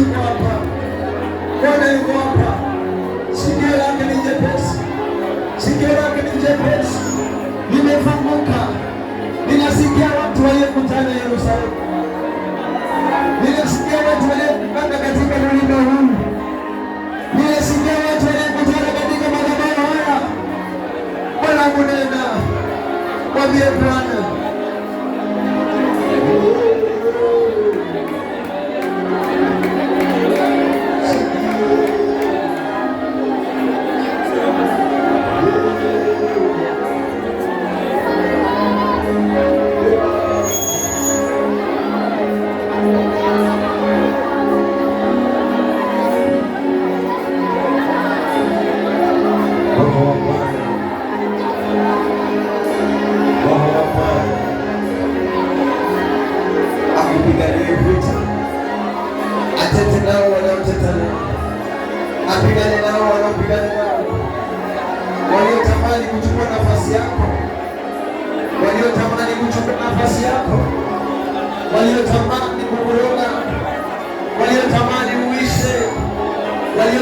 yuko hapa, Bwana yuko hapa. Sikio lake ni jepesi, sikio lake ni jepesi, limefunguka, linasikia watu waliokutana Yerusalemu, linasikia watu waliokutana katika mlima huu, linasikia watu waliokutana katika madhabahu haya. Bwana kunena, mwambie Bwana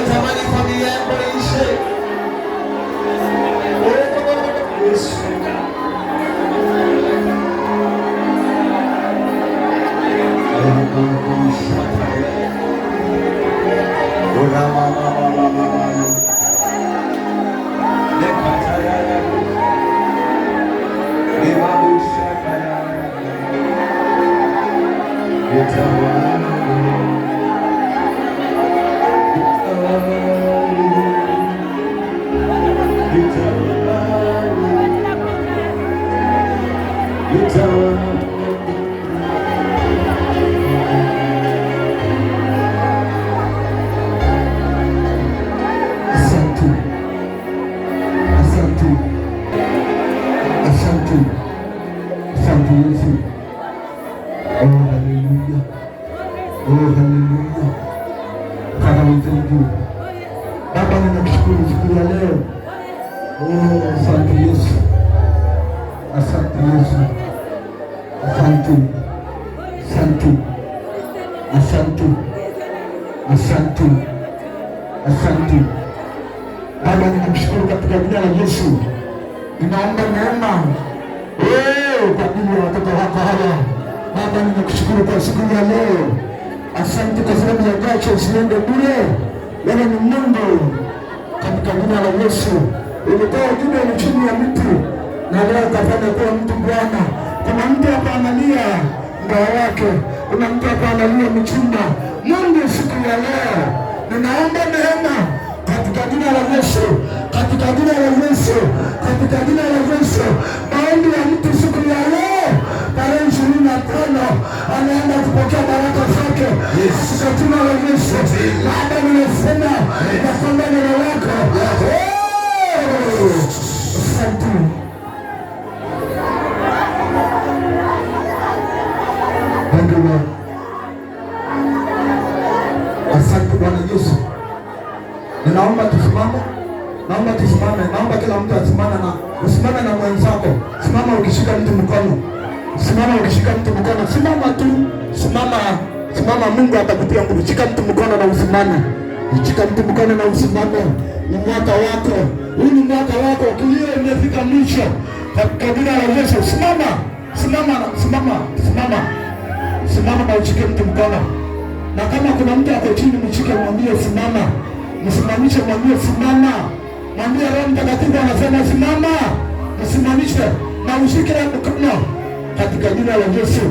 trabalho guitar Asante, asante Baba, ninakushukuru katika jina la Yesu. Ninaomba neema ee, kwa ajili ya watoto wako hawa Baba, ninakushukuru kwa siku ya leo. Asante kwa sababu ya jacho usiende bure, wewe ni Mungu. Katika jina la Yesu, ulitoa ni chini ya mtu na leo ukafanya kuwa mtu. Bwana, kuna mtu hapa analia ngao yake, kuna mtu hapa analia mchumba Mungu siku ya leo ninaomba neema katika jina la Yesu, katika jina la Yesu, katika jina la Yesu. Mungu atakutia nguvu. Shika mtu mkono na usimame, shika mtu mkono na usimame. Ni mwaka wako, huu ni mwaka wako, kilio imefika mwisho katika jina la Yesu. Simama, simama, simama, simama, simama na ushike mtu mkono, na kama kuna mtu ako chini mshike, mwambie simama, msimamishe, mwambie simama, mwambie Roho Mtakatifu anasema simama, msimamishe na ushike mkono katika jina la Yesu.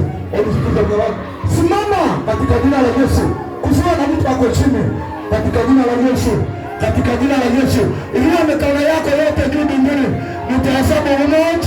Simama katika jina la Yesu. Kusiwa na mtu ako chini katika jina la Yesu, katika jina la Yesu. Iliyo mikono yako yote juu mbinguni, nitahesabu umoja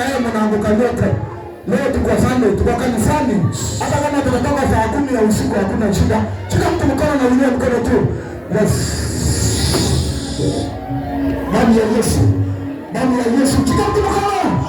na yeye mnaanguka nyote. Leo tuko sana, tuko kanisani. Hata kama tunatoka saa kumi ya usiku hakuna shida. Shika mtu mkono na uinue mkono tu. Yes. Damu ya Yesu. Damu ya Yesu. Shika mtu mkono.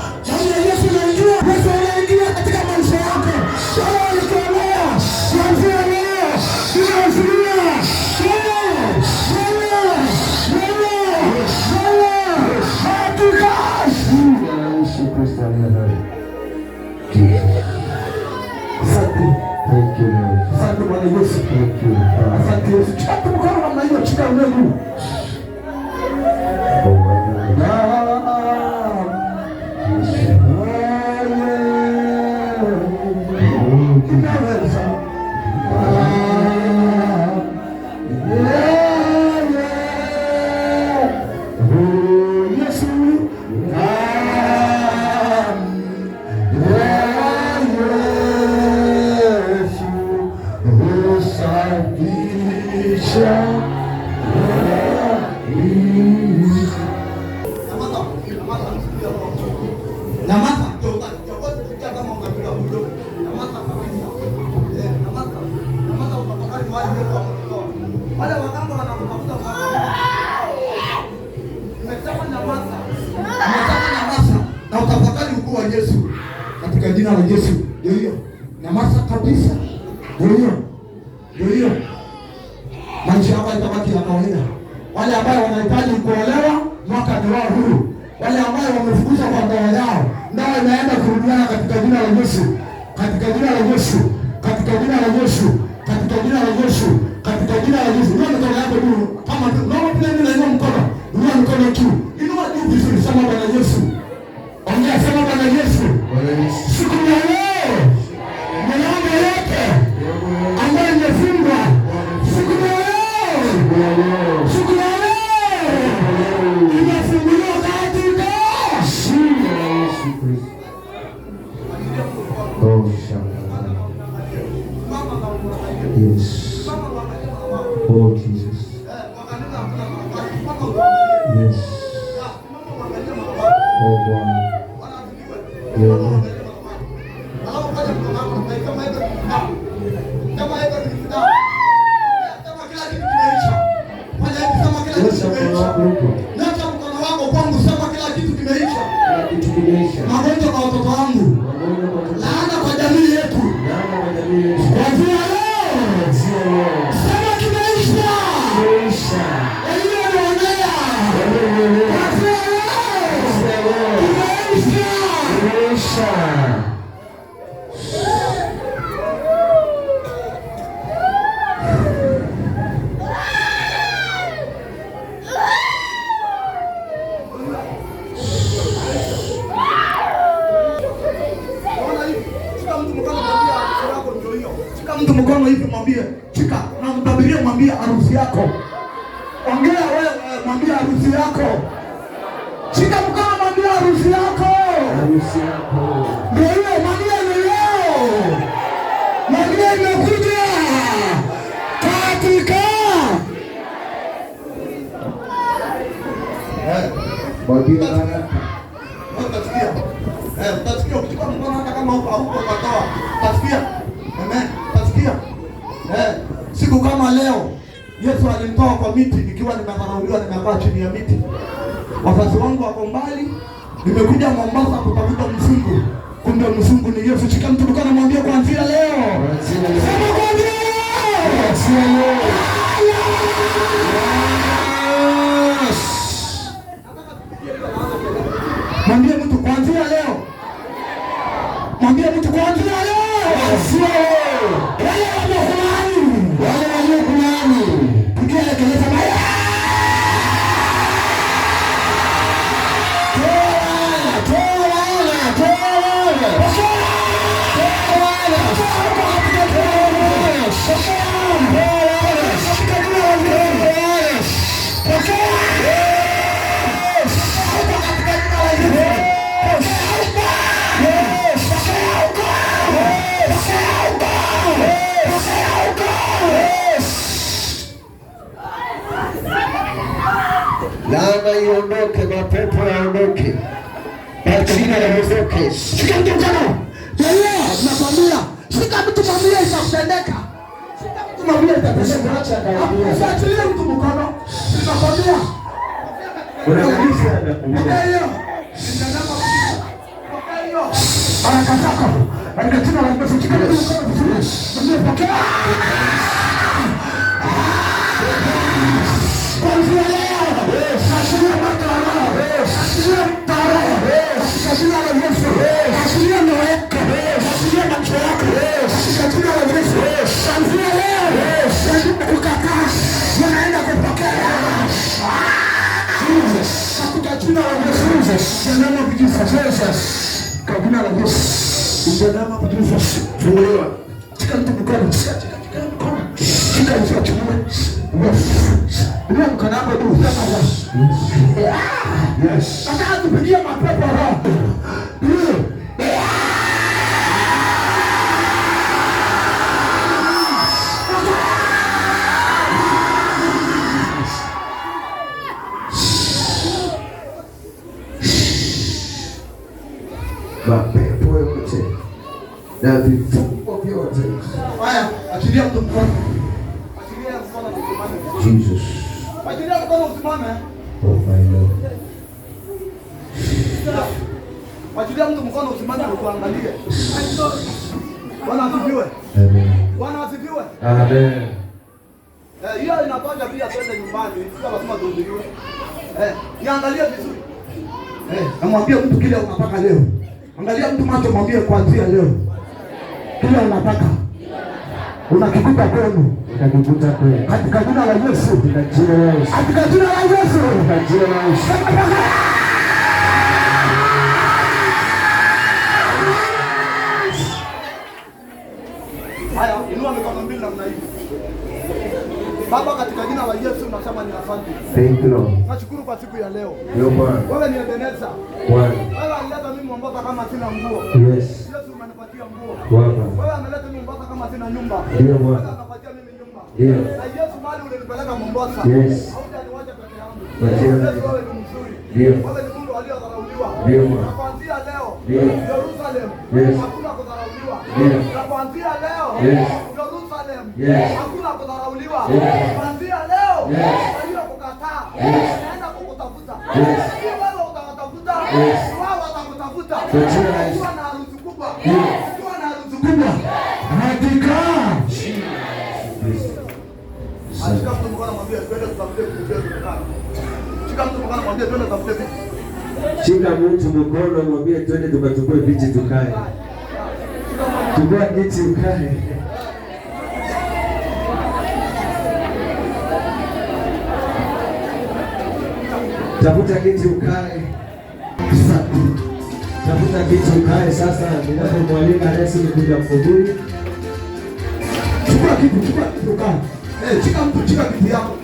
katika jina la Yesu. Ndio hiyo namasa kabisa, ndio hiyo, ndio hiyo. Maisha hapa itabaki ya kawaida. Wale ambao wanahitaji kuolewa mwaka ni wao huu. wale ambao wamefukuzwa kwa ndoa yao nao inaenda kurudiana katika jina la Yesu, katika jina la Yesu, katika jina la Yesu, katika jina la Yesu, katika jina la Yesu. Ndio mikono yako tu kama tu. naona pia mimi na mkono, Ndio mkono juu, inua juu vizuri, sana Bwana Yesu, ongea, sana Bwana Yesu. Siku Aleluia. Ongea wewe, mwambia harusi yako. Shika mkono, mwambia harusi yako. Harusi yako. Ndio hiyo, mwambia ni leo. Mwambia imekuja. Katika eh, Mwambia bana. Utasikia. Eh, utasikia ukichukua mkono hata kama huko huko utatoa. Utasikia. Amen. Utasikia. Eh, siku kama leo Yesu alimtoa kwa miti nikiwa nimedharauliwa, nimekaa chini ya miti, wazazi wangu wako mbali, nimekuja Mombasa kutafuta mzungu, kumbe mzungu ni Yesu. Shika mtu mkono, mwambie kuanzia leo, kuanzia leo Mwambie mtu kuanzia leo. Mwambie mtu kuanzia leo. শেষের zako katika jina la Yesu. Chikeni mkono vizuri, mnapokea kuanzia leo, nashiria mwaka wa roho, nashiria tarehe katika jina la Yesu, nashiria ndoa yako, nashiria macho yako katika jina la Yesu. Kuanzia leo yanaenda kukataa, yanaenda kupokea katika jina la Yesu, katika jina la Yesu. Mtazama mtukufu funguliwa. Shika mtu mkono, shika shika mkono. Shika shika kiuno. Ndio mkono wako tu sema yes. Yes. Hata hatupigia mapepo roho. Bwana asifiwe. Bwana asifiwe. Amen. Eh, hiyo inapanga pia twende nyumbani, sio lazima tuhubiriwe. Eh, niangalie vizuri. Eh, namwambia mtu kile unapaka leo. Angalia mtu macho, mwambie kuanzia leo. Kile unapaka unakikuta kwenu, unakikuta kwenu. Katika jina la Yesu, katika jina la Yesu, katika jina la Yesu, katika jina la Yesu. tunasema ni asante. Thank you Lord. Nashukuru kwa siku ya leo. Ndio Bwana. Wewe ni Ebeneza. Bwana. Wewe alileta mimi Mombasa kama sina nguo. Yes. Sio umenipatia nguo. Bwana. Wewe ameleta mimi Mombasa kama sina nyumba. Ndio Bwana. Anapatia mimi nyumba. Ndio. Na Yesu mali ulinipeleka Mombasa. Yes. Hautaniacha peke yangu. Wewe ni mzuri. Ndio. Wewe ni mtu aliyodharauliwa. Ndio Bwana. Kuanzia leo. Ndio. Jerusalem. Yes. Hakuna kudharauliwa. Ndio. Kuanzia leo. Yes. Yes. Hakuna kudharauliwa. Kuanzia leo waliokukataa wanaenda kukutafuta. Si wewe utawatafuta, wao Shika mtu mkono mwambie twende tutafute vitu Shika tukachukue viti tukae. Tukua kiti ukae. Tafuta kiti ukae. Tafuta kiti ukae sasa ninapomwalika Yesu kuja kuhubiri. Chukua kitu, chukua kitu ukae. Eh, chika mtu, chika kitu yako.